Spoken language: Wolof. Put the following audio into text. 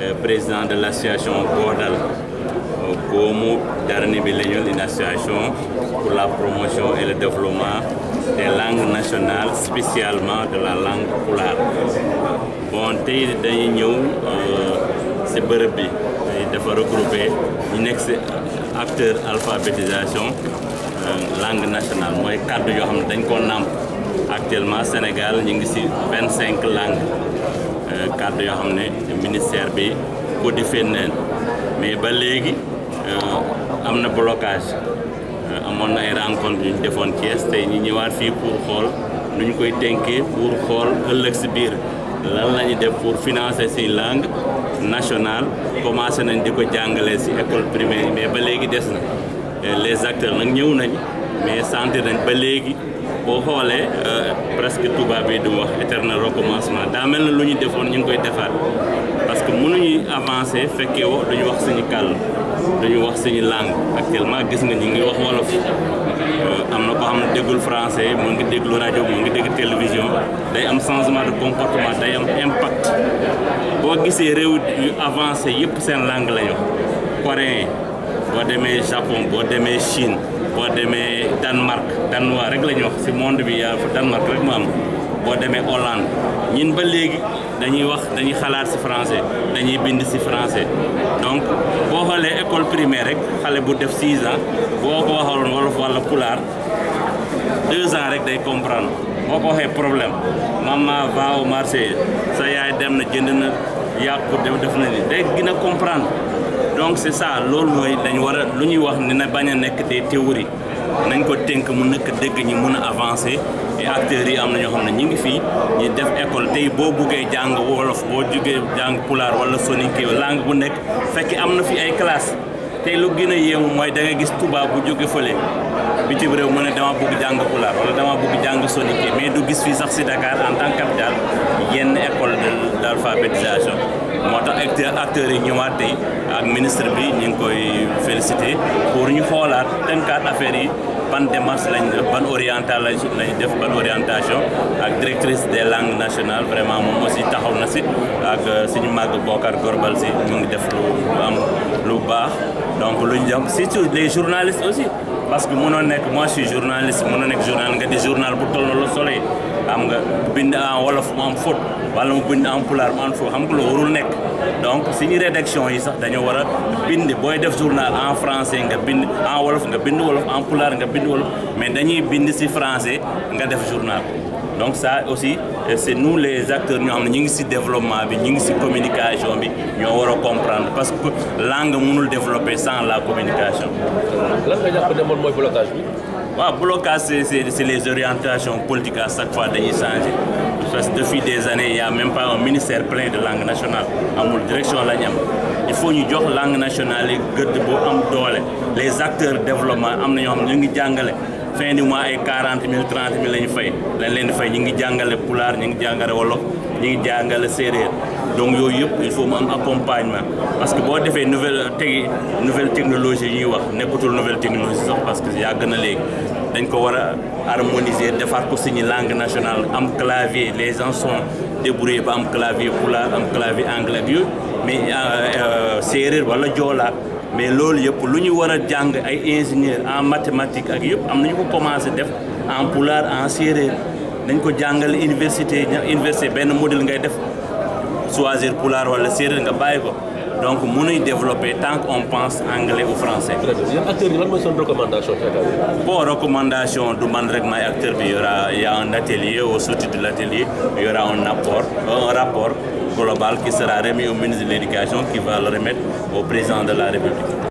Euh, président de l'association Gordal comme Dernier pour la promotion et le développement des langues nationales spécialement de la langue pulaar bon tey de Nous si bërëb bi l'alphabétisation alphabétisation euh, langue nationale Moi, kàddu actuellement Sénégal 25 ngi langues cadre yoo xam ne ministère bi codifié neen mais ba léegi am na blocage amoon na ay rencontre yu ñu defoon Thiès tey ñu ñëwaat fii pour xool nu ñu koy tënkee pour xool ëllëg si biir lan la ñu def pour financer si langue nationale commencé nañ di ko jàngale si école primaire mais ba léegi des na les acteurs nag ñëw nañ mais sentir nañ ba léegi boo xoolee euh, presque tubaab yi di wax éternel recommencement daa mel na lu ñuy defoon ñu ngi koy defaat parce que mënuñuy avancer fekkee wax duñu wax suñu kàll duñu wax suñu langue actuellement gis nga ñu ngi wax wolof euh, am na koo xam ne déggul français moo ngi déglu rajo moo ngi dégg télévision day am changement de comportement day am impact boo gisee réew yu avancé yëpp seen langue la ñu boo demee Japon boo demee Chine boo demee Danemark danois rek la ñuy wax si monde bi yaa fa Danemark rek mu am boo demee Hollande ñin ba léegi dañuy wax dañuy xalaat si français dañuy bind si français donc boo xoolee école primaire rek xale bu def 6 ans boo ko waxaloon wolof wala pulaar 2 ans rek day comprendre boo ko waxee problème maman va au marché sa yaay dem na jënd na yàqu def na ni day gën a donc c' est ça loolu mooy dañ war a lu ñuy wax dina bañ a nekk des théories nañ ko tënk mu nekk dëgg ñi mun a avancer et acteurs yi am na ñoo xam ne ñu ngi fii ñu def école tey boo buggee jàng wolof boo jugee jàng pulaar wala soninke langue bu nekk fekk am na fi ay classe tey lu gën a yéemu mooy da nga gis tubaab bu jóge fële bitim réew mu ne dama bugg jàng pulaar wala dama bugg jàng soninke mais du gis fii sax si Dakar en tant que capitale yenn école de d' alphabétisation moo acteur yi ñu ñëwaat tey ak ministre bi ñu ngi koy félicité pour ñu xoolaat tënkaat affaire yi ban démarche lañ def ban orientation lañ def ban orientation ak directrice des langues nationales vraiment moom aussi taxaw na sit ak euh, suñu màgg Bokar Gorbal si mu ngi def lu am lu baax donc lu ñu jàpp surtout les journalistes aussi parce que mënoo nekk moi je suis journaliste mënoo nekk journal nga di journal bu toll na Le Soleil xam nga bind en wolof mu am foot wala mu bind en pulaar mu am faute xam nga loolu warul nekk donc suñu rédaction yi sax dañoo war a bind booy def journal en français nga bind en wolof nga bind wolof en pulaar nga bind wolof mais dañuy bind si français nga def journal donc ça aussi euh, c'est nous les acteurs qui avons ne développement bi communication nous devons comprendre parce que langue nous mënul développer sans la communication. langue, nga jàpp blocage blocage c'est les orientations politiques à chaque fois dañuy changer parce que depuis des années il n'y a même pas un ministère plein de langue nationale amul direction la il faut ñu jox langue nationale et gëdd am les acteurs de développement am na ñoo fin du mois et 40 000, 30 000 en fait. Les gens sont en train de se faire gagnent les wolofs, ils gagnent les Donc yo, yo, il faut un accompagnement. Parce que si on fait une nouvelle, technologie, il n'y une nouvelle technologie parce que y a des gens qui ont été harmonisés, une langue nationale, un clavier, les gens sont débrouillés par un clavier poulard, un clavier anglais. Mais euh, euh, c'est rire, mais loolu yëpp lu ñu war a jàng ay ingénieur en mathématique ak yëpp am nañu ko commencé def en pulaar en séeréer dañ ko jàngale université université benn modèle ngay def choisir pulaar wala séeréer nga bàyyi ko donc peut développer tant qu'on pense anglais ou français. Pour recommandation bon recommandation du management acteur il y aura a un atelier au sortie de l'atelier il y aura un un rapport global qui sera remis au ministre de l'éducation qui va le remettre au président de la République.